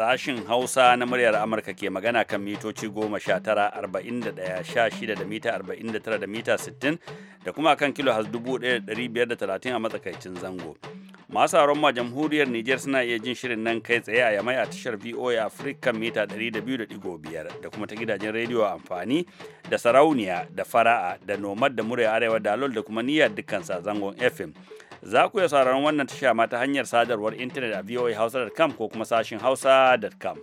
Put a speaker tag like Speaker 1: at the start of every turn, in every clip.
Speaker 1: Sashin Hausa na muryar Amurka ke magana kan mitoci goma sha tara arba'in da ɗaya sha shida da mita arba'in da tara da mita sittin da kuma kan kilo 1530 dubu ɗaya da ɗari biyar da talatin a matsakaicin zango. Masu aron ma jamhuriyar niger suna iya jin shirin nan kai tsaye a yamai a tashar VOA Africa mita ɗari da kuma ta gidajen rediyo amfani da sarauniya da fara'a da nomad da murya arewa da da kuma niyyar dukkan sa zangon FM. za ku iya sauraron wannan tasha ma ta hanyar sadarwar intanet a voahausa.com ko kuma sashin hausa.com.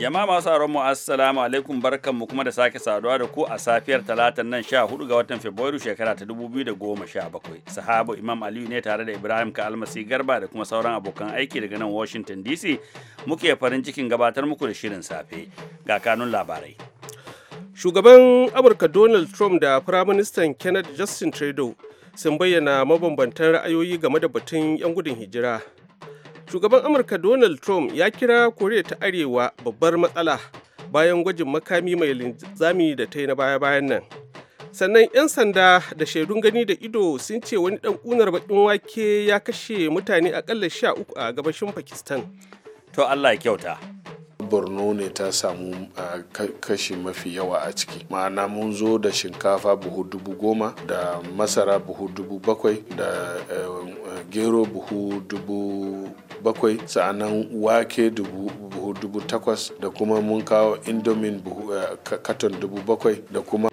Speaker 1: Jama'a masu sauraron mu assalamu alaikum barkanmu kuma da sake saduwa da ku a safiyar talatan nan sha hudu ga watan Fabrairu shekara ta da goma sha bakwai Sahabu Imam Aliyu ne tare da Ibrahim ka almasi garba da kuma sauran abokan aiki daga nan Washington
Speaker 2: DC muke farin cikin gabatar muku da shirin safe ga kanun labarai. shugaban amurka donald trump da firaministan kenneth justin trudeau sun bayyana mabambantan ra'ayoyi game da batun 'yan gudun hijira shugaban amurka donald trump ya kira koriya ta arewa babbar matsala bayan gwajin makami mai linzami da ta yi na baya-bayan nan sannan 'yan sanda da shaidun gani da ido sun ce wani dan kunar bakin wake ya kashe mutane akalla sha uku a gabashin pakistan to allah ya kyauta
Speaker 3: borno ne ta samu kashi mafi yawa a ciki ma'ana mun zo da shinkafa buhu dubu goma da masara buhu dubu bakwai da eh, gero buhu dubu bakwai sa'anan wake dubu buhu dubu takwas da kuma mun kawo indomin eh, katon dubu bakwai da kuma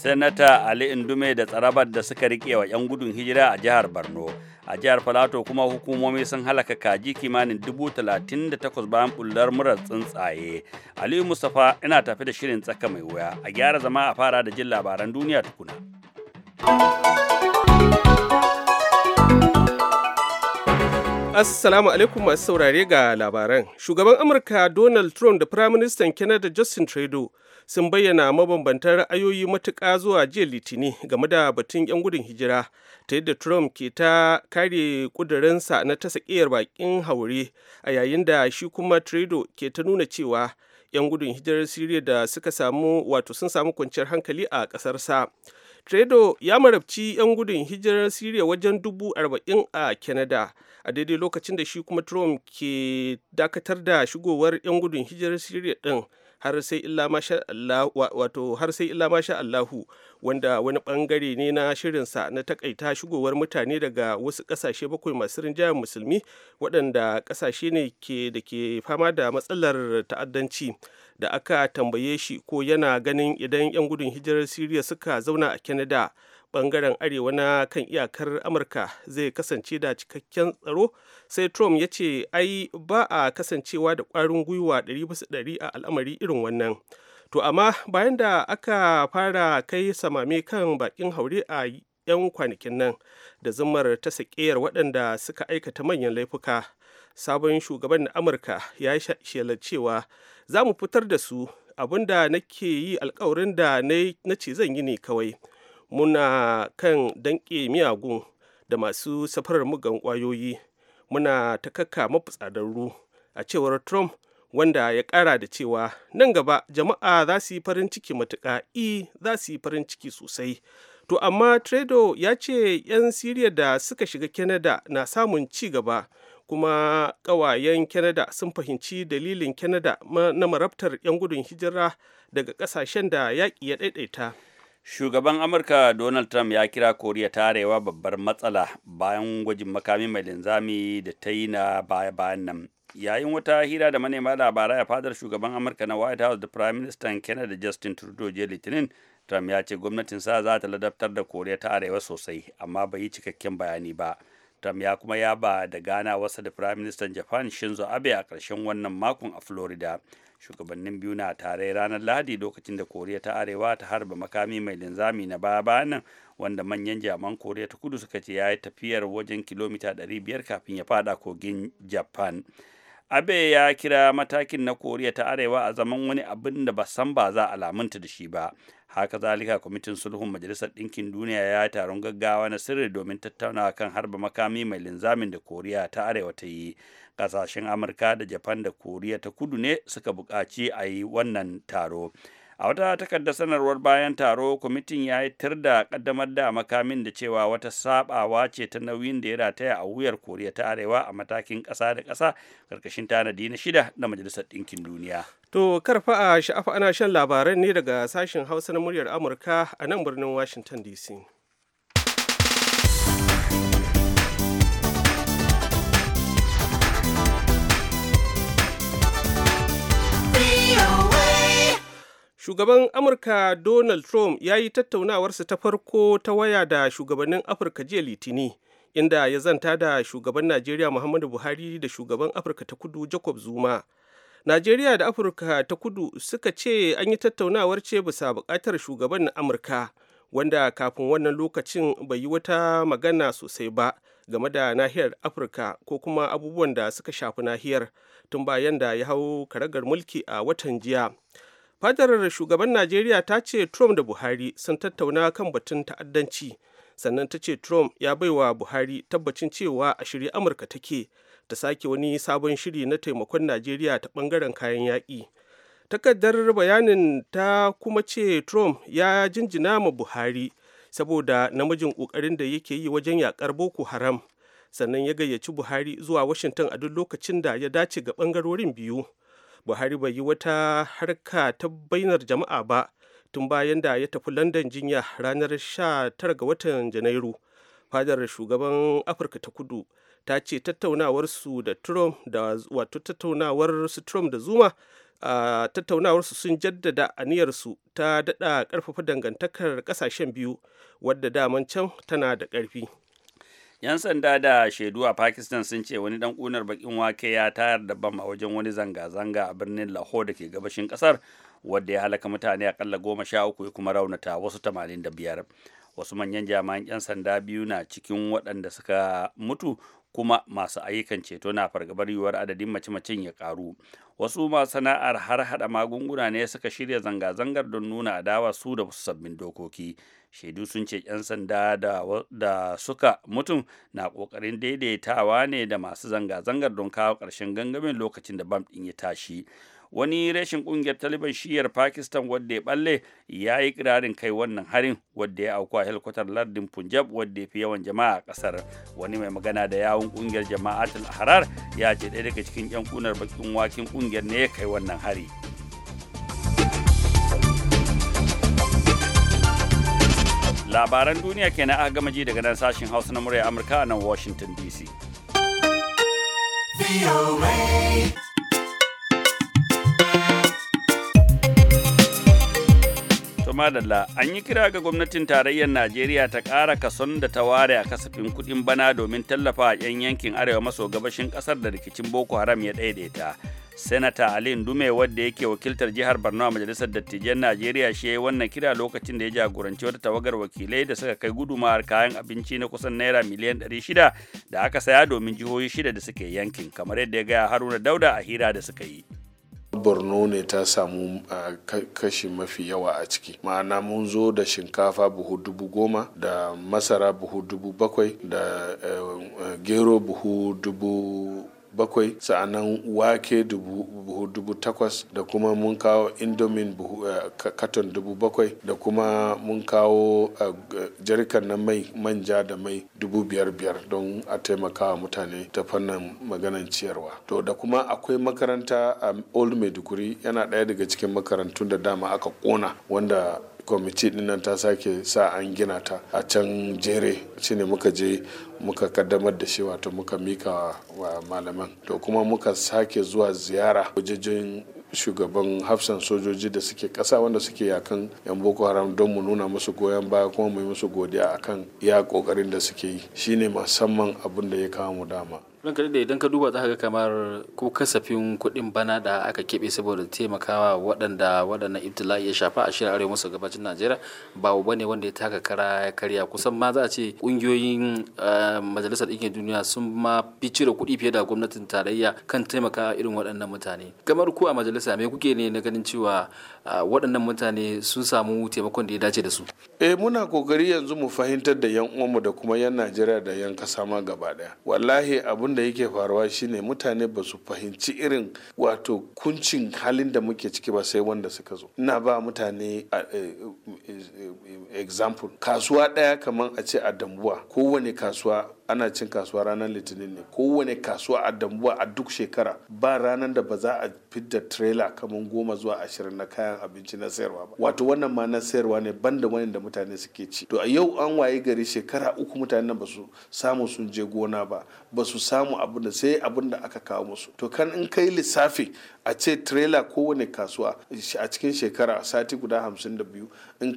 Speaker 1: Senata Ali Indume da tsarabar da suka rike wa 'yan gudun hijira a jihar Borno. A jihar falato kuma hukumomi sun halaka kaji kimanin dubu talatin da takwas bayan bullar murar tsuntsaye. Aliyu Mustapha ina tafi da shirin tsaka mai wuya. A gyara zama a fara da jin labaran duniya tukuna.
Speaker 2: Assalamu alaikum masu saurare ga labaran. Shugaban Amurka Donald Trump da Firaministan Canada Justin Trudeau sun bayyana mabambantan ra'ayoyi matuƙa zuwa jiya litini game da batun 'yan gudun hijira ta yadda Trump ke ta kare ƙudurinsa na ta sakiyar bakin haure a yayin da shi kuma Trudeau ke ta nuna cewa 'yan gudun hijirar Siriya da suka samu wato sun samu kwanciyar hankali a ƙasarsa. Trudeau ya marabci 'yan gudun hijirar Siriya wajen dubu arba'in a Canada. a daidai lokacin da shi kuma trump ke dakatar da shigowar 'yan gudun hijirar syria din har sai illa masha allahu wanda wani bangare ne na shirinsa na takaita shigowar mutane daga wasu kasashe bakwai masu rinjayen musulmi waɗanda kasashe ne ke da ke fama da matsalar ta'addanci da aka tambaye shi ko yana ganin idan 'yan gudun hijirar syria suka zauna a canada bangaren arewa na kan iyakar amurka zai kasance da cikakken tsaro sai trump ya ce ai ba a kasancewa da kwarin gwiwa 100% a al'amari irin wannan to amma bayan da aka fara kai samame kan bakin haure a 'yan kwanakin nan da zamar ta sakiyar waɗanda suka aikata manyan laifuka sabon shugaban amurka ya shelar cewa za mu fitar da su abinda nake yi alkawarin da na ce zan yi ne kawai muna kan danƙe miyagun da masu safarar mugan ƙwayoyi muna ta kakka mafitsadarru a cewar trump wanda ya ƙara da cewa nan gaba jama'a za su yi farin ciki matuƙa i e, za su yi farin ciki sosai to amma tredo ya ce 'yan siriya da suka shiga canada na samun ci gaba kuma ƙawayen canada sun fahimci dalilin canada na marabtar 'yan gudun hijira daga ƙasashen da yaƙi ya ɗaiɗaita
Speaker 1: shugaban amurka donald trump ya kira koriya ta arewa babbar matsala bayan gwajin makami mai linzami da ta yi na baya bayan nan yayin wata hira da manema labarai a fadar shugaban amurka na white house da prime minister canada justin trudeau jiya litinin trump ya ce gwamnatin sa za ta ladabtar da koriya ta arewa sosai amma bai yi cikakken bayani ba trump ya kuma ya ba da gana wasa da prime minister japan shinzo abe a ƙarshen wannan makon a florida shugabannin biyu na tare ranar lahadi lokacin da koriya ta arewa ta harba makami mai linzami na baya bayanan wanda manyan jaman koriya ta kudu suka ce ya yi tafiyar wajen kilomita 500 kafin ya fada kogin japan Abe ya kira matakin na Koriya ta Arewa a zaman wani abin da ba san ba za a lamunta da shi ba. Haka zalika kwamitin sulhun Majalisar Ɗinkin Duniya ya yi taron gaggawa na sirri domin tattaunawa kan harba makami mai linzamin da Koriya ta Arewa ta yi. Ƙasashen Amurka da Japan da Koriya ta Kudu ne suka buƙaci a yi wannan taro. a wata takardar sanarwar bayan taro kwamitin ya yi tir da kaddamar da makamin da cewa wata sabawa ce ta nauyin da ya rataya a wuyar koriya ta arewa a matakin ƙasa da ƙasa ƙarƙashin tanadi na shida na majalisar ɗinkin duniya
Speaker 2: to karfa a sha'afa ana shan labaran ne daga sashen hausa na muryar amurka a nan birnin washington dc shugaban amurka donald trump ya yi tattaunawarsa ta farko ta waya da shugabannin afirka jiya litini inda ya zanta da shugaban najeriya muhammadu buhari da shugaban afirka ta kudu jacob zuma najeriya da afirka ta kudu suka ce an yi tattaunawar ce bisa buƙatar shugaban amurka wanda kafin wannan lokacin bai yi wata magana sosai ba game da nahiyar afirka ko kuma abubuwan da suka shafi nahiyar tun bayan da ya hau karagar mulki a watan jiya fadarar shugaban najeriya ta ce trump da buhari sun tattauna kan batun ta'addanci sannan ta ce trump ya baiwa buhari tabbacin cewa a shirye amurka take ta sake wani sabon shiri na taimakon najeriya ta bangaren kayan yaƙi takardar bayanin ta kuma ce trump ya jinjina ma buhari saboda namijin ƙoƙarin da yake yi wajen yaƙar boko haram sannan ya gayyaci buhari zuwa washington a duk lokacin da ya dace ga ɓangarorin biyu buhari bai yi wata harka ta bainar jama'a ba tun bayan da ya tafi london jinya ranar 19 ga watan janairu fadar shugaban afirka ta kudu ta ce tattaunawarsu da trump da wato tattaunawar su trump da zuma a tattaunawarsu sun jaddada aniyar su ta dada karfafa dangantakar kasashen biyu wadda daman can tana da karfi. 'Yan sanda da shaidu a Pakistan sun ce wani dan kunar bakin wake ya tayar da
Speaker 1: bam a wajen wani zanga-zanga a birnin Lahore da ke gabashin kasar wadda ya halaka mutane akalla goma sha uku ya kuma raunata wasu tamanin da biyar. Wasu manyan jami'an 'yan sanda biyu na cikin waɗanda suka mutu kuma masu ayyukan ceto na fargabar yiwuwar adadin mace-macen ya karu wasu masu sana'ar har hada magunguna ne suka shirya zanga-zangar don nuna adawa su da wasu sabbin dokoki shaidu sun ce 'yan sanda da suka mutum na ƙoƙarin daidaitawa ne da masu zanga-zangar don kawo ƙarshen gangamin lokacin da bam ɗin ya tashi wani rashin ƙungiyar taliban shiyar pakistan wadda ya ɓalle ya yi ƙirarin kai wannan harin wadda ya auku a helikwatar lardin punjab wadda ya fi yawan jama'a a ƙasar wani mai magana da yawun ƙungiyar jama'atul harar ya ce ɗaya daga cikin 'yan ƙunar bakin wakin ƙungiyar ne ya kai wannan hari. labaran duniya kenan aka gama ji daga nan sashen hausa na murya amurka a nan washington dc madalla an yi kira ga gwamnatin tarayyar najeriya ta ƙara kason da ta ware a kasafin kuɗin bana domin tallafa a 'yan yankin arewa maso gabashin ƙasar da rikicin boko haram ya ɗaiɗaita Senata Ali Ndume wadda yake wakiltar jihar Borno a Majalisar Dattijan Najeriya shi ya yi wannan kira lokacin da ya jagoranci wata tawagar wakilai da suka kai gudumawar kayan abinci na kusan naira miliyan 600 da aka saya domin jihohi shida da suke yankin kamar yadda ya gaya Haruna Dauda a hira da suka yi.
Speaker 3: borno ne ta samu kashi mafi yawa a ciki ma'ana mun zo da shinkafa buhu dubu goma da masara buhu dubu bakwai da eh, eh, gero buhu dubu bakwai sa'anan wake buhu dubu takwas da kuma mun kawo indomin buhu eh, katon dubu bakwai da kuma mun kawo eh, jarikan na mai manja da mai dubu biyar biyar don a taimakawa mutane ta fannin maganan ciyarwa to da kuma akwai makaranta a um, old maiduguri yana ɗaya daga cikin makarantun da dama aka kona wanda kwamiti dinnan ta sake sa an gina ta a can jere shine muka je muka kaddamar da shi wato muka mika wa malaman to kuma muka sake zuwa ziyara wajejen shugaban hafsan sojoji da suke kasa wanda suke yakan yan boko haram don mu nuna musu goyon baya kuma mu yi musu godiya akan ya kokarin da suke yi shine musamman abin da ya kawo mu dama kaɗai da idan ka duba za ka ga kamar ko kasafin kuɗin bana da aka keɓe saboda taimakawa waɗanda waɗannan ibtila'i ya shafa a shirin arewa maso gabacin najeriya ba ba ne wanda ya taka kara ya karya kusan ma za a ce ƙungiyoyin eh, majalisar ɗinkin duniya sun ma fi cire kuɗi fiye da gwamnatin tarayya kan taimaka irin waɗannan mutane kamar ku a majalisa me kuke ne na ganin cewa eh, waɗannan mutane sun samu taimakon da ya dace da su eh muna kokari yanzu mu fahimtar da yan uwanmu da kuma yan najeriya da yan kasa ma gaba ɗaya wallahi abun abin da yake faruwa shine mutane ba su fahimci irin wato kuncin halin da muke ciki ba sai wanda suka zo ina ba mutane e, e, e, example kasuwa ɗaya kamar a ce a dambuwa kowane kasuwa ana cin kasuwa ranar litinin ne kowane kasuwa a dambuwa a duk shekara ba ranar da ba za a fidda trailer kamar goma zuwa ashirin na kayan abinci na sayarwa ba wato wannan ma na sayarwa ne ban da wani da mutane suke ci to a yau an waye gari shekara uku mutane ba su samu sun je gona ba ba su samu abin da sai abin da aka kawo musu to kan in kai lissafi a ce trailer kowane kasuwa a cikin shekara sati guda hamsin da biyu in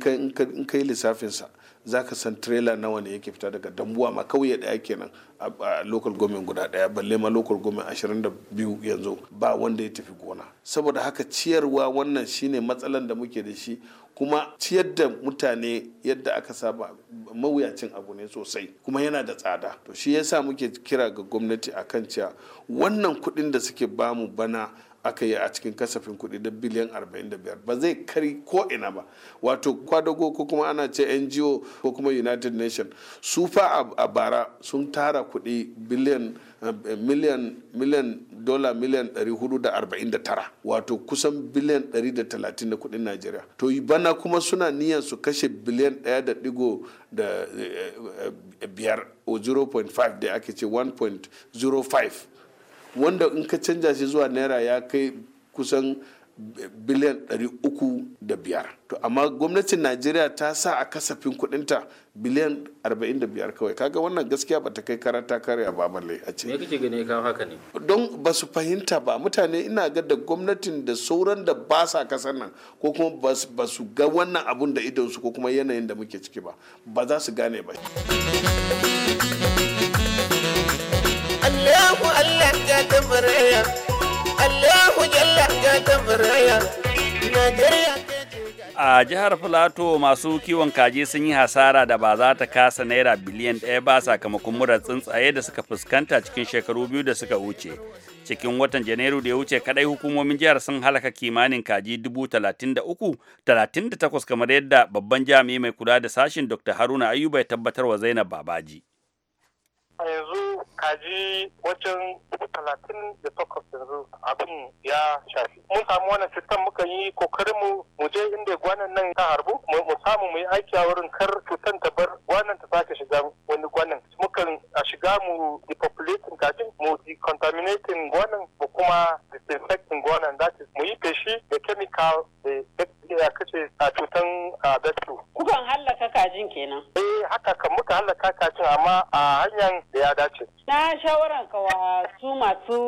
Speaker 3: kai lissafinsa za ka san trailer nawa ne yake fita daga dambuwa ma kauye daya kenan a local government guda daya balle ma local government 22 yanzu ba wanda ya tafi gona saboda haka ciyarwa wannan shine matsalan da muke da shi kuma ciyar da mutane yadda aka saba mawuyacin abu ne sosai kuma yana da tsada to shi yasa muke kira ga gwamnati a kan cewa wannan kuɗin da suke bamu bana aka yi a cikin kasafin kuɗi da biliyan 45 ba zai kari ko ina ba wato kwadago ko kuma ana ce ngo ko kuma united nation su fa a bara sun tara kuɗi biliyan eh, miliyan miliyan dola miliyan 449 wato kusan biliyan 130 na kuɗin nigeria. to bana kuma suna niyan su kashe biliyan 1.5 da eh, eh, biyar 0.5 da ake ce 1.05 wanda in ka canja shi zuwa naira ya kai kusan biliyan 305 to amma gwamnatin najeriya ta sa a kasafin kudinta biliyan 45 kawai kaga wannan gaskiya ba ta kai karata karya ba balle a ce me kake gani kawo haka ne don ba su fahimta ba mutane ina ga da gwamnatin da sauran da ba sa kasar nan ko kuma ba su ga wannan abun da idonsu ko kuma yanayin da muke ciki ba ba za su gane ba
Speaker 1: a jihar Filato masu kiwon kaji sun yi hasara da ba za ta kasa naira biliyan ɗaya ba sakamakon murar tsuntsaye da suka fuskanta cikin shekaru biyu da suka wuce. Cikin watan Janairu da ya wuce kadai hukumomin jihar sun halaka kimanin kaji dubu talatin da uku, talatin da takwas kamar yadda babban jami'i mai kula da sashin Dr. Haruna Ayuba ya tabbatar wa Zainab Babaji.
Speaker 4: A yanzu kaji wajen talatin da takwas
Speaker 2: yanzu abin ya shafi mun samu wannan cutar muka yi kokarin mu mu je inda gwanan nan ta harbu mu samu mu yi aiki a wurin kar cutar ta bar gwanan ta sake shiga wani gwanan mukan a shiga mu depopulating kajin mu decontaminating gwanan mu kuma disinfecting gwanan that is mu yi feshi da chemical da ya kace a cutan gasto. Kukan
Speaker 5: hallaka kajin kenan. Eh haka kan muka hallaka kajin amma a hanyar da ya dace. na shawaran ka su masu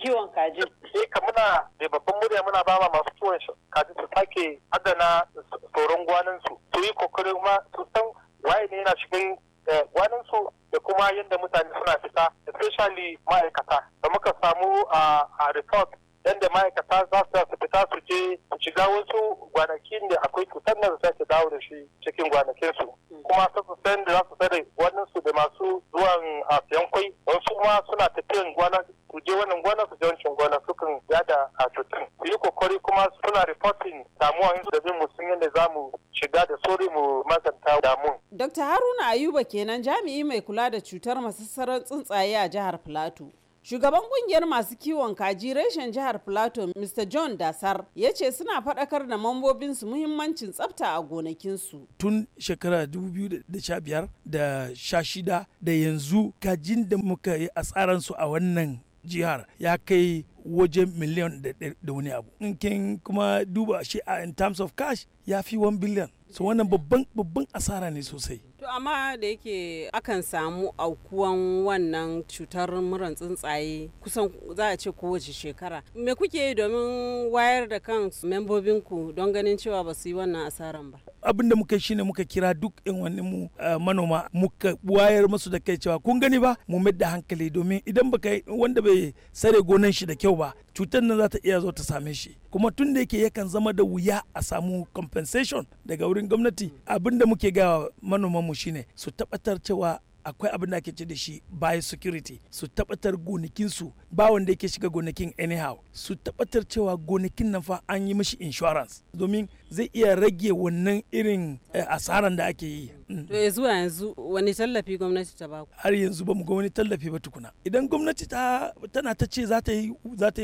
Speaker 5: kiwon kaji. Eh ka muna
Speaker 2: da babban murya muna ba ma masu kiwon kaji su sake adana tsoron gwanin su su yi kokarin ma su san waye ne yana cikin eh, gwanin su da kuma yadda mutane suna fita especially ma'aikata da muka samu ah, a report yadda ma'aikata za su fita su je shiga wasu gwanakin da akwai cutar
Speaker 4: nan za su dawo da shi cikin gwanakin su kuma sun su san da za su tsare wannan su da masu zuwan a siyan kwai wasu ma suna tafiyan gwana su je wannan gwana su je wancan gwana sukan yada a cutar su yi kokari kuma suna reporting damuwa da bin mu sun yadda za mu shiga da sori mu maganta damuwa.
Speaker 5: Dr. Haruna Ayuba kenan jami'i mai kula da cutar masu sarar tsuntsaye a jihar Plateau. Shugaban kungiyar masu kiwon kaji reshen jihar Plateau Mr. John Dasar ya ce suna faɗakar da mambobinsu muhimmancin tsafta a gonakinsu.
Speaker 6: Tun shekara 2015 da shida da yanzu kajin da muka yi a su a wannan jihar ya kai wajen miliyan da wani abu. In kuma duba shi a in terms of cash ya fi 1 billion. So wannan babban asara ne sosai.
Speaker 5: To amma da yake akan samu aukuwan wannan cutar muran tsuntsaye kusan za a ce kowace shekara. Me kuke yi domin wayar da kan membobinku don ganin cewa ba su yi wannan asaran ba?
Speaker 6: abin da muka shine muka kira duk in wani mu manoma muka wayar masu da kai cewa kun gani ba mu mai da hankali domin idan baka wanda bai sare gonan shi da kyau ba cutar nan za ta iya zo ta same shi kuma tun da yake yakan zama da wuya a samu compensation daga wurin gwamnati abin da muke ga manoma mu shine su tabbatar cewa akwai abin da ake ce da shi security su tabbatar gonakinsu ba wanda yake shiga gonakin anyhow su tabbatar cewa gonakin nan fa an yi mishi insurance domin zai iya rage wannan irin eh, asaran da ake yi. Mm.
Speaker 5: To ya zuwa yanzu wani tallafi gwamnati ta baku?
Speaker 6: Har yanzu ba mu ga wani tallafi ba tukuna. Idan gwamnati ta tana ta ce za ta yi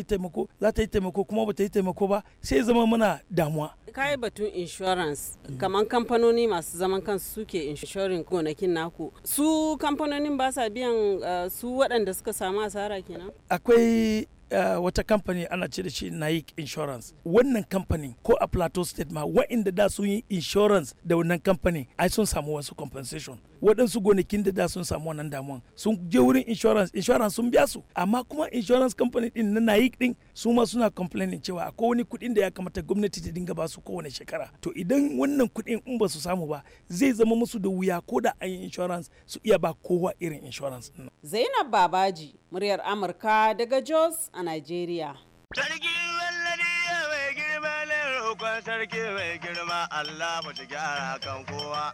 Speaker 6: taimako za ta yi taimako kuma ba ta yi taimako ba sai zama muna damuwa.
Speaker 5: Kai batun insurance kamar kamfanoni masu zaman kansu suke inshorin gonakin naku. Su kamfanonin ba sa biyan eh, su waɗanda suka samu asara kenan?
Speaker 6: Akwai Uh, wata kamfani ana ce da shi Naik Insurance. Wannan kamfani ko a Plateau State ma wa'inda da sun yi insurance da wannan kamfani ai sun samu wasu compensation. Waɗansu gonakin da da sun samu wannan damuwan sun je wurin insurance insurance sun biya su amma kuma insurance company din na Naik din su ma suna complaining cewa akwai wani kuɗin da ya kamata gwamnati ta dinga ba su kowane shekara. To idan wannan kuɗin in ba su samu ba zai zama musu da wuya ko da an yi insurance su iya ba kowa
Speaker 5: irin insurance. Zainab Babaji muryar Amurka daga Jos a Najeriya.
Speaker 7: Sarki wallani mai girma na roƙon sarki mai girma Allah mu gyara kan kowa.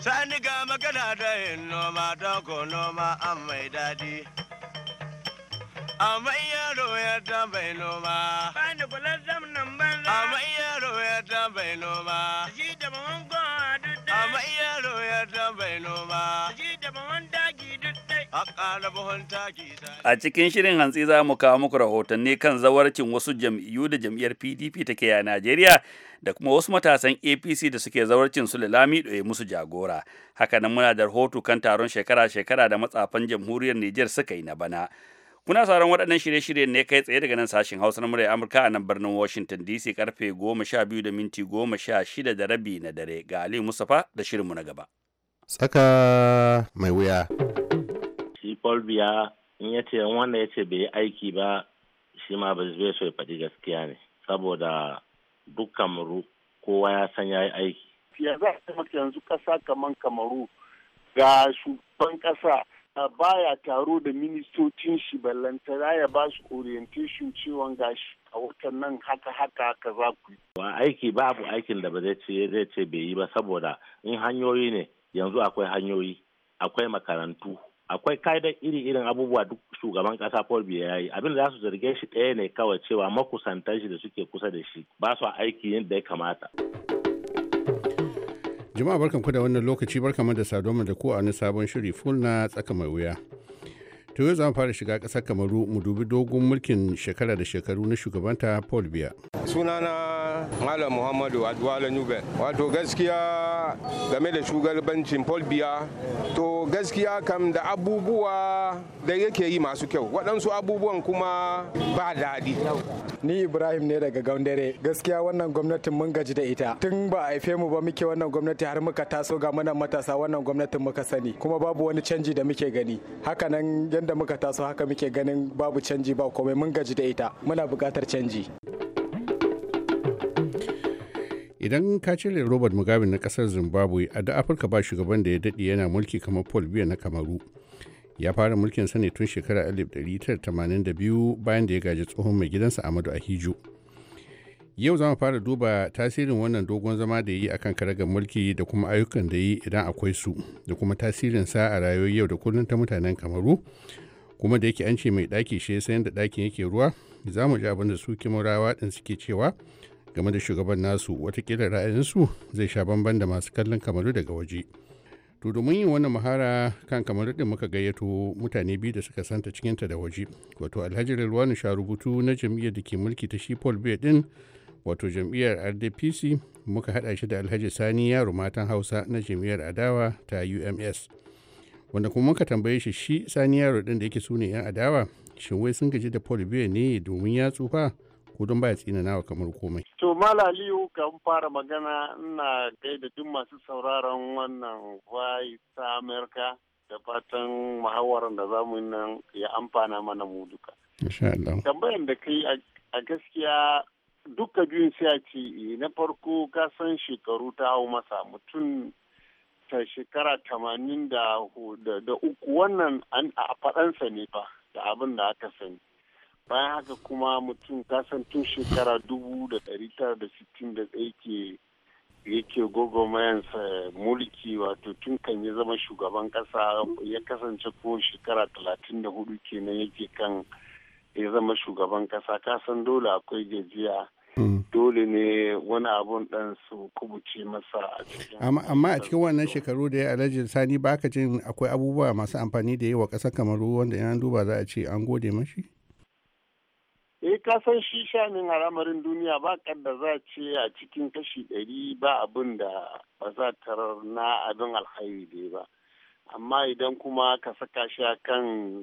Speaker 7: Sani ga magana da yin noma don ko noma an mai daɗi. Amma yaro ya bai noma.
Speaker 1: A cikin shirin hantsi za mu kawo muku rahotanni kan zawarcin wasu jam'iyyu da jam'iyyar PDP take a Najeriya da kuma wasu matasan APC da suke zawarcin su lalami ɗoye musu jagora. Hakanan muna da rahoto kan taron shekara-shekara da matsafan jamhuriyar Nijar suka yi na bana. Kuna sauran waɗannan shirye-shirye ne kai tsaye daga nan sashen Hausa na murya Amurka a nan birnin Washington DC karfe biyu da minti shida da rabi na dare ga Ali Mustapha da shirinmu na gaba.
Speaker 8: Tsaka mai wuya.
Speaker 7: paul biya in ya ce wanda ya ce bai yi aiki ba shi ma ba zai so ya faɗi gaskiya ne saboda dukkan muru kowa ya san ya yi aiki
Speaker 4: ya za a taimaka yanzu ƙasa kamar kamaru ga shugaban ƙasa baya taro da ministocin shi ballantana ya ba su orientation cewa gashi a watan nan haka haka haka za ku yi. Ba aiki babu
Speaker 7: aikin da ba zai ce zai ce bai yi ba saboda in hanyoyi ne yanzu akwai hanyoyi akwai makarantu akwai ka'idar iri irin abubuwa duk shugaban kasa Paul Biya yayi abin da za su zarge shi ɗaya ne kawai cewa makusantan shi da suke kusa da shi ba su aiki da ya kamata.
Speaker 8: Jama'a barkan ku da wannan lokaci barkan da saduwa da ku a wani sabon shiri full na tsaka mai wuya. To yau za mu fara shiga ƙasar Kamaru mu dubi dogon mulkin shekara da shekaru na shugabanta Paul Biya.
Speaker 3: Sunana Malam Muhammadu Adwala Nubel Wato gaskiya game da shugabancin Paul Biya to gaskiya kam da abubuwa da yake yi masu kyau waɗansu abubuwan kuma
Speaker 6: ba daɗi. Ni Ibrahim ne daga Gaundare gaskiya wannan gwamnatin mun gaji da ita tun ba a haife mu ba muke wannan gwamnati har muka taso ga muna matasa wannan gwamnatin muka sani kuma babu wani canji da muke gani hakanan yadda muka taso haka muke ganin babu canji ba komai mun gaji da ita muna buƙatar canji.
Speaker 8: idan ka cire robert mugabe na kasar zimbabwe a da afirka ba shugaban da ya daɗe yana mulki kamar paul biya na kamaru ya fara mulkin sa ne tun shekara 1982 bayan da ya gaji tsohon mai gidansa amadu ahijo yau za mu fara duba tasirin wannan dogon zama da yi akan karagar mulki da kuma ayyukan da yi idan akwai su da kuma tasirin sa a rayuwar yau da kullum ta mutanen kamaru kuma da yake an ce mai daki shi sayan da dakin yake ruwa za mu ji abin da su kimurawa ɗin suke cewa game da shugaban nasu watakila ra'ayinsu zai sha bamban da masu kallon kamaru daga waje to domin yin wannan mahara kan kamaru din muka gayyato mutane biyu da suka santa cikinta da waje wato alhaji rilwanu sharubutu na jam'iyyar da ke mulki ta shi paul bay din wato jam'iyyar rdpc muka hada shi da alhaji sani yaro matan hausa na jam'iyyar adawa ta ums wanda kuma muka tambaye shi shi sani yaro din da yake sune yan adawa shin wai sun gaji da paul biya ne domin ya tsufa ko don baya tsina wa kamar komai.
Speaker 4: To malaliyu ga fara magana ina gaida duk masu sauraron wannan Voice ta Amerika da fatan muhawarar da zamu nan ya amfana mana mu duka. Insha Tambayar da kai a gaskiya duka biyun sai a ce eh, na farko ka san shekaru ta hau masa mutum ta shekara tamanin da uku wannan a faɗansa ne fa da abin da aka sani. bayan haka kuma mutum kasan tun shekara dubu da ɗari tara da sittin da yake yake gwagwarmayansa mulki wato tun kan ya zama shugaban ƙasa ya kasance ko shekara talatin da hudu kenan yake kan ya zama shugaban ƙasa kasan dole akwai gajiya hmm. dole ne wani abun dan su kubuce masa a cikin
Speaker 8: amma a cikin wannan shekaru da ya alhaji sani ba ka jin akwai abubuwa masu amfani da yi wa kamar kamaru wanda yan duba za a ce an gode mashi
Speaker 4: eh ka san shi shanin al'amarin duniya ba da za ce a cikin kashi ɗari ba abin da ba za tarar na abin alhairi ne ba amma idan kuma ka saka shi a kan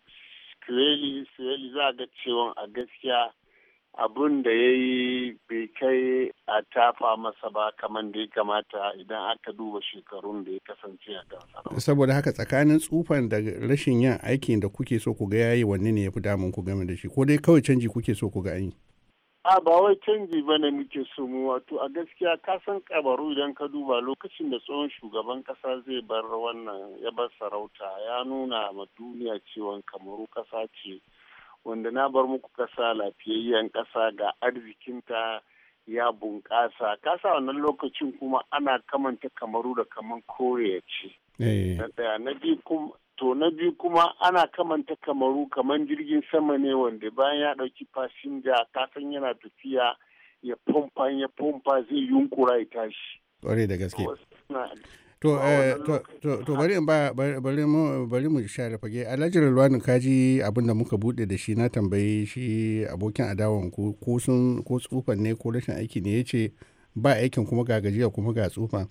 Speaker 4: kireli za a ga cewa a gaskiya abun da ya yi bai kai a tafa masa ba kamar da ya kamata idan aka duba shekarun da ya kasance a
Speaker 8: kansa. saboda haka tsakanin tsufan da rashin yin aikin da kuke so ku ga yayi wanne ne ya fi damun ku game da shi ko dai kawai canji kuke so ku ga ayi. yi.
Speaker 4: a ba wai canji ba ne muke so mu wato a gaskiya ka san kabaru idan ka duba lokacin da tsohon shugaban kasa zai bar wannan ya bar sarauta ya nuna ma duniya cewa kamaru kasa ce wanda na bar muku kasa lafiyayyen kasa ga arzikinta ya bunƙasa kasa wannan lokacin kuma ana kamanta kamaru da kaman koriya ce eh. to na biyu kuma ana kamanta kamaru kamar jirgin sama ne wanda bayan ya ɗauki fasinja kasan yana tafiya ya pompa ya pompa zai yunkura ya
Speaker 8: tashi. To, eh, bari in ba bari mu bari mu share fage alhaji Rilwani kaji abin da muka bude da shi na tambaye shi abokin adawan ku ko sun ko tsufan ne ko rashin aiki ne yace ba aikin kuma ga gajiya kuma ga tsufa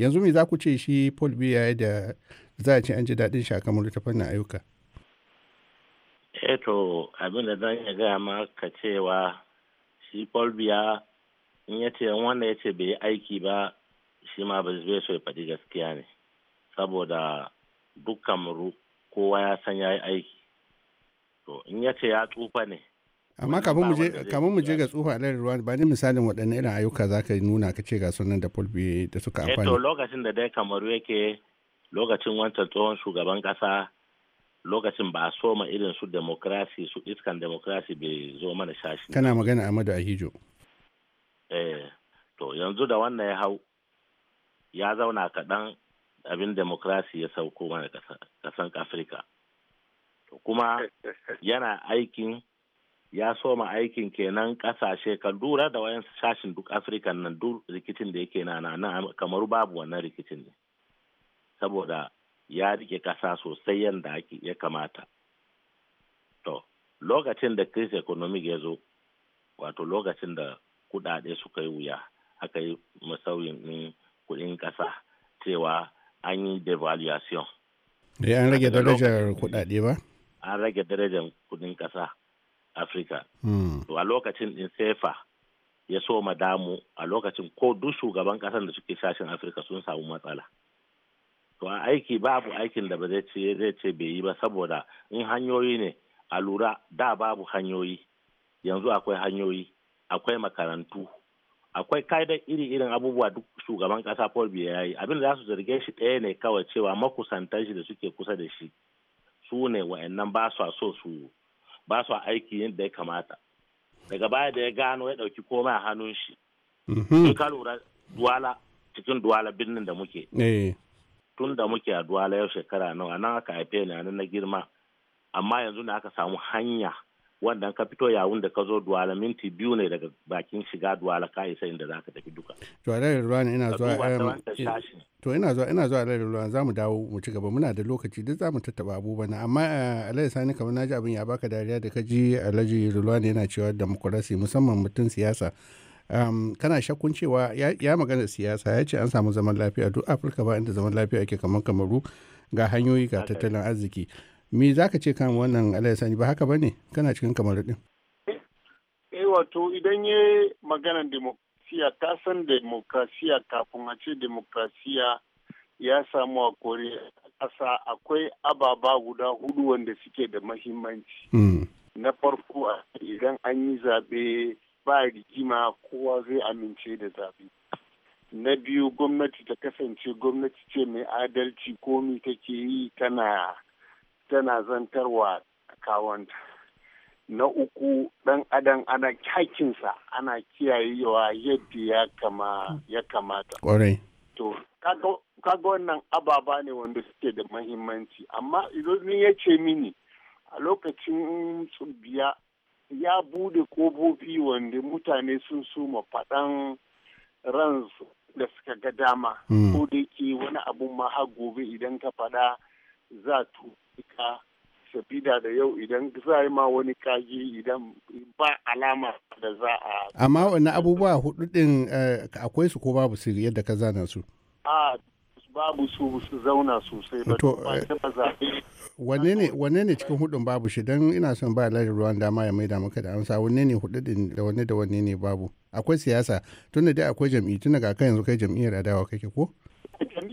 Speaker 8: yanzu me za ku ce shi Paul Biya da za a ce an ji daɗin shakamar ta fannin ayyuka.
Speaker 7: Eto eh, abin da zan ya gaya maka cewa shi Paul Biya in ya ce wanda ya ce bai yi aiki ba shi ma ba zai so ya faɗi gaskiya ne saboda dukkan muru kowa ya san ya yi aiki to in ya ce ya tsufa ne
Speaker 8: amma kafin mu je ga tsufa a ruwa ba ni misalin waɗanne irin ayyuka za ka nuna ka ce ga sunan da fulbi da suka eh, amfani to
Speaker 7: lokacin da dai kamaru yake lokacin wancan tsohon shugaban ƙasa lokacin ba a soma irin su demokrasi su iskan demokrasi bai zo mana shashi
Speaker 8: kana magana amadu ahijo
Speaker 7: eh to yanzu da wannan ya hau ya zauna kaɗan abin demokrasi ya sauko mana kasan afirka kuma yana aikin ya soma aikin kenan ƙasashe ka lura da wayan sashin duk afirka nan duk rikicin da yake nana nan kamar babu wannan rikicin ne saboda ya rike ƙasa sosai yadda ya kamata to lokacin da kris economic ya zo wato lokacin da kudade suka yi wuya aka yi masauyin kuɗin ƙasa cewa an yi devaluation. Da eh, an rage darajar kuɗaɗe ba? An rage darajar kuɗin ƙasa Afrika. Hmm. To a lokacin in sefa ya so damu a lokacin ko duk shugaban ƙasar da suke sashen Afrika sun samu matsala. To a aiki babu aikin da ba zai ce zai ce bai yi ba saboda in hanyoyi ne a lura da babu hanyoyi yanzu akwai hanyoyi akwai makarantu akwai ka'idar iri-irin abubuwa duk shugaban kasa Paul Biya ya yi abin da za su zarge shi ɗaya ne kawai cewa makusantan shi da suke kusa da shi su ne wa'annan ba su so su ba su aiki yadda ya kamata daga baya da ya gano ya ɗauki komai a hannun shi mhm. in ka lura duwala cikin duwala birnin da muke eh. tun da muke a duwala yau shekara nawa nan aka haife ni nan na girma amma yanzu ne aka samu hanya wannan ka fito yawun da ka zo duwala minti biyu ne daga bakin shiga duwala ka isa inda za ka tafi duka.
Speaker 8: To a lalar ina zuwa eh, eh, to ina zuwa ina zuwa ruwa za mu dawo mu ci gaba muna da lokaci duk za mu tattaba abubuwan amma eh, alayhi sani kamar na ji abin ya baka dariya da ka ji alhaji ruwa yana cewa demokrasi musamman mutum siyasa. kana shakkun cewa ya, magana siyasa ya ce an samu zaman lafiya duk afirka ba inda zaman lafiya ake kamar kamaru ga hanyoyi ga tattalin arziki. me za ka ce kan wannan alayasani ba haka ba ne kana cikin kamar din
Speaker 4: eh wato idan ya magana demokrasiya ta san demokrasiya kafin a ce demokrasiya ya samu a ƙasa akwai ababa guda hudu wanda suke da mahimmanci mm. na farko idan an yi zaɓe ba rigima kowa zai amince da zaɓe na biyu gwamnati ta kasance gwamnati ce mai adalci komi take yi tana tana zantarwa kawanta na uku ɗan adam ana kyakinsa ana kiyayewa yadda ya kama ya kamata ƙwarai to kaga wannan ababa ne wanda suke da mahimmanci amma idan ya ce mini a lokacin biya ya bude kofofi wanda mutane sun suma faɗan ransu da suka ga dama hmm. ko da yake wani abun ma har gobe idan ka faɗa za tu ka sabida da yau idan za yi ma wani kaji idan ba alama da za a
Speaker 8: amma wani abubuwa hudu din eh, akwai su ko babu su yadda ka zana su
Speaker 4: a babu su su zauna sosai ba to eh,
Speaker 8: wanne ne wanne ne cikin hudun babu shi dan ina son ba lari ruwan dama ya maida maka da amsa wanne ne hudu din da wanne da wanne ne babu akwai siyasa tunda dai akwai jam'i tunda ga kan yanzu kai jam'iyyar adawa kake ko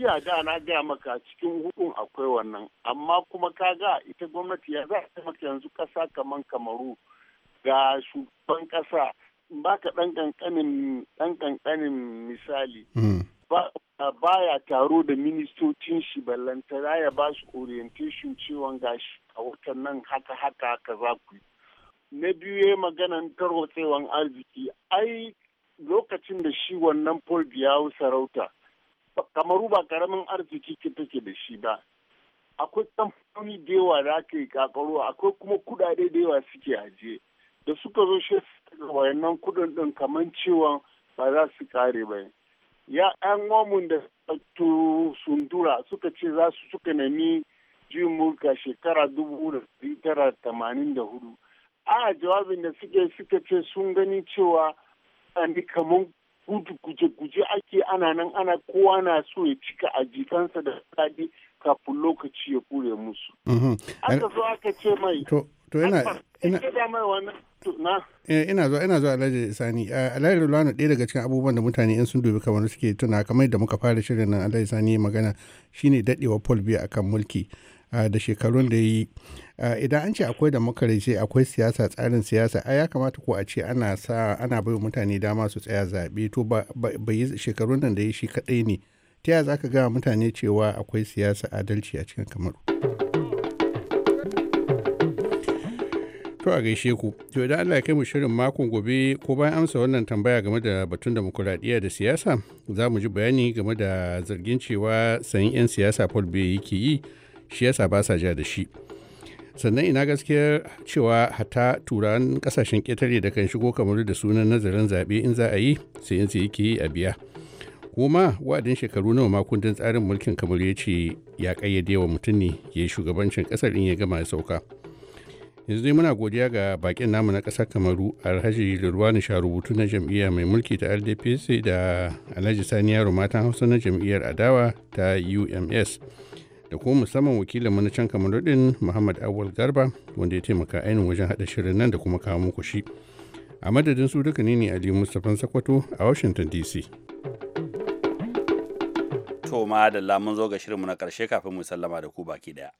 Speaker 4: jiya da na gaya maka cikin hukun akwai wannan amma kuma ka ga ita gwamnati ya za ta maka yanzu kasa kaman kamaru ga shugaban kasa baka dan kankanin dan kankanin misali hmm. baya taro da ministocin shi ballantana ya ba su orientation cewa gashi a watan nan haka haka ka za ku yi na biyu ya yi maganan tarwatsewan arziki ai lokacin da shi wannan paul biyawu sarauta kamaru ba karamin arziki ke take da shi ba akwai kamfanoni da yawa da aka yi kakaro akwai kuma kudade da yawa suke ajiye da suka zo shi wayannan kudin din kamar cewa ba za su kare ba ya wamun da to sundura suka ce za su suka nemi jin mulka shekara dubu da tara tamanin da hudu a jawabin da suke suka ce sun gani cewa an kamar hutu guje-guje ake ana nan ana kowa na so ya cika a jikansa da sadi kafin lokaci ya kure musu.
Speaker 8: Mhm. Aka zo
Speaker 4: aka ce mai. To
Speaker 8: eh, ina zuwa ina zuwa Alhaji Sani Alhaji ɗaya daga cikin abubuwan da mutane in sun dubi kamar suke tuna kamar da muka fara shirin nan Alhaji Sani magana shine dadewa Paul Biya akan mulki. da shekarun da yi idan an ce akwai da akwai siyasa tsarin siyasa a ya kamata ko a ce ana sa ana bai mutane dama su tsaya zaɓe to ba yi shekarun nan da ya shi kaɗai ne ta yaya za ka gaya mutane cewa akwai siyasa adalci a cikin kamaru To a gaishe ku, to idan Allah ya kai mu shirin makon gobe ko bayan amsa wannan tambaya game da batun demokuraɗiyya da siyasa, za mu ji bayani game da zargin cewa sayin 'yan siyasa Paul Bay yake yi shi yasa ba sa ja da shi sannan ina gaskiyar cewa hata turan kasashen ƙetare da kan shigo kamar da sunan nazarin zaɓe in za a yi sai in yake yi a biya kuma wa'adin shekaru nawa makundin tsarin mulkin kamar ya ce ya ƙayyade wa mutum ne ya yi shugabancin ƙasar in ya gama ya sauka yanzu dai muna godiya ga bakin namu na ƙasar kamaru alhaji lurwani sharubutu na jam'iyya mai mulki ta rdpc da alhaji saniya matan hausa na jam'iyyar adawa ta ums da kuma musamman wakilin manacan can kamar din muhammad awal garba wanda ya taimaka ainihin wajen haɗa shirin nan da kuma kawo muku shi a madadin su duka ne ali mustapha sakwato a washington dc
Speaker 1: to ma da lamun zo ga shirinmu na karshe kafin mu sallama da ku baki daya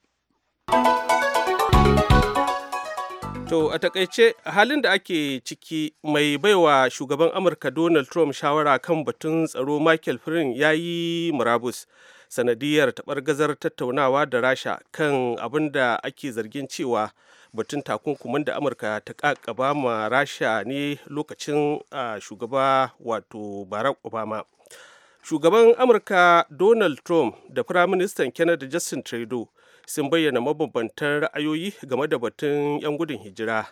Speaker 2: To a takaice halin da ake ciki mai baiwa shugaban Amurka Donald Trump shawara kan batun tsaro Michael Flynn ya yi murabus sanadiyar taɓar-gazar tattaunawa da rasha kan abin da ake zargin cewa batun takunkumin da amurka ta kakaba ma rasha ne lokacin shugaba wato barack obama shugaban amurka donald trump da firaministan canada justin trudeau sun bayyana mabambantan ra'ayoyi game da batun 'yan gudun hijira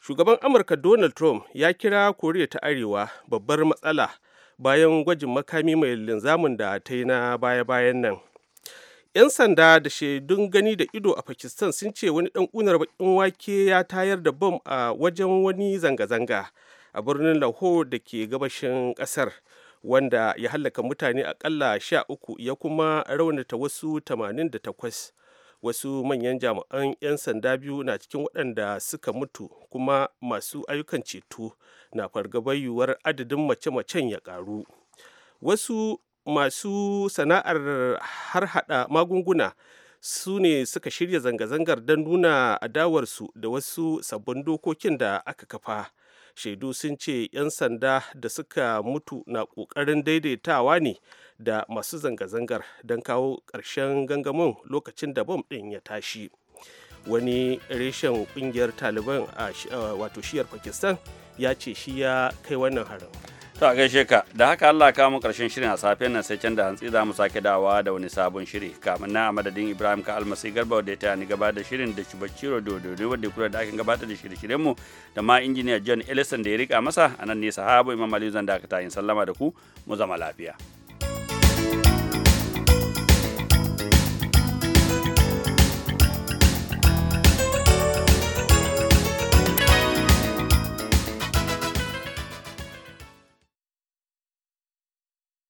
Speaker 2: shugaban amurka donald trump ya kira koriya ta arewa babbar matsala bayan gwajin makami mai linzamin da ta yi na baya-bayan nan 'yan sanda da shaidun gani da ido a pakistan sun ce wani ɗan kunar baƙin wake ya tayar da bom a wajen wani zanga-zanga a birnin lahore da ke gabashin ƙasar wanda ya hallaka mutane akalla uku ya kuma raunata wasu tamanin da takwas. wasu manyan jami'an 'yan sanda biyu na cikin waɗanda suka mutu kuma masu ayyukan ceto na fargabar yiwuwar adadin mace-macen ya ƙaru wasu masu sana'ar harhaɗa magunguna su ne suka shirya zanga-zangar don nuna adawarsu da wasu sabbin dokokin da aka kafa shaidu sun ce 'yan sanda da suka mutu na ƙoƙarin daidaitawa ne da masu zanga-zangar don kawo ƙarshen gangamin lokacin da bom ɗin ya tashi wani reshen ƙungiyar taliban a wato shiyar pakistan ya ce shi ya kai wannan harin
Speaker 1: To gaishe ka, da haka Allah ka mu karshen shirin a safiyar nan sai can da hantsi za mu sake dawa da wani sabon shiri. Kamin na a madadin Ibrahim ka almasi garba da ta ni gaba da shirin da Shibachiro da wadda kula da ake gabata da shirye-shiryen mu da ma injiniya John Ellison da ya rika masa a nan ne sahabo Imam Ali zan da yin tayin sallama da ku mu zama lafiya.